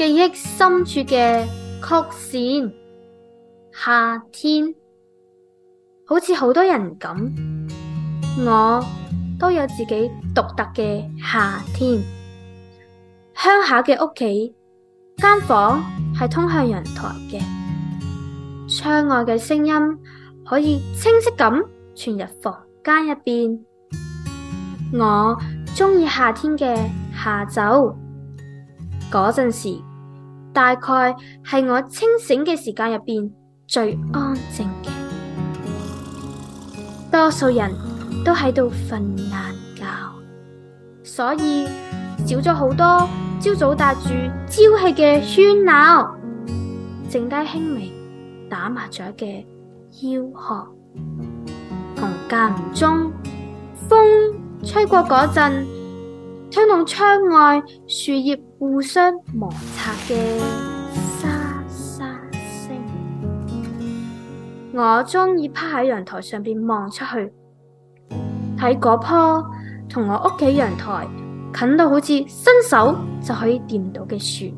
記憶深處嘅曲線，夏天好似好多人咁，我都有自己獨特嘅夏天。鄉下嘅屋企間房係通向陽台嘅，窗外嘅聲音可以清晰咁傳入房間入邊。我鍾意夏天嘅下晝嗰陣時。大概係我清醒嘅時間入邊最安靜嘅，多數人都喺度瞓晏覺，所以少咗好多朝早帶住朝氣嘅喧鬧，剩低輕微打麻雀嘅吆喝，同間唔中風吹過嗰陣。聽到窗外樹葉互相摩擦嘅沙沙聲，我鍾意趴喺陽台上面望出去，睇嗰棵同我屋企陽台近到好似伸手就可以掂到嘅樹，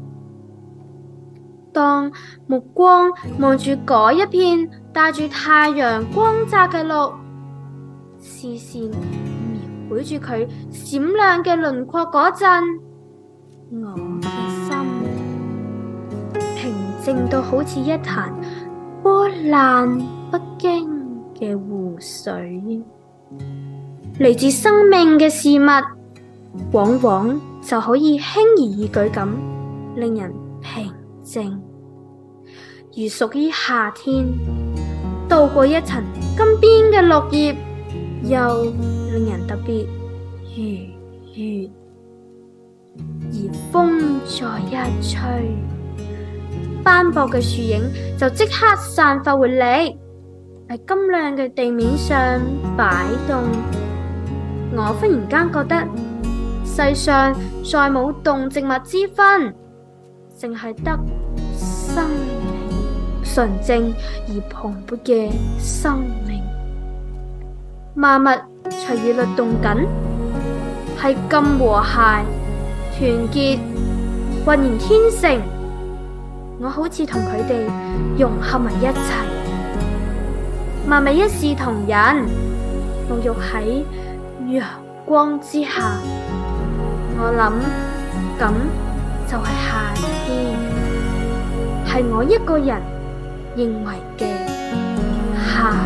當目光望住嗰一片帶住太陽光澤嘅綠，視線。舉住佢閃亮嘅輪廓嗰陣，我嘅心平靜到好似一潭波瀾不驚嘅湖水。嚟自生命嘅事物，往往就可以輕而易舉咁令人平靜。如屬於夏天，渡過一層金邊嘅綠葉。又令人特別愉悅，而風再一吹，斑駁嘅樹影就即刻散發活力，喺金亮嘅地面上擺動。我忽然間覺得，世上再冇動植物之分，淨係得生命純正而蓬勃嘅生。萬物隨意律動緊，係咁和諧團結，渾然天成。我好似同佢哋融合埋一齊，萬物一視同仁，沐浴喺陽光之下。我諗咁就係夏天，係我一個人認為嘅夏。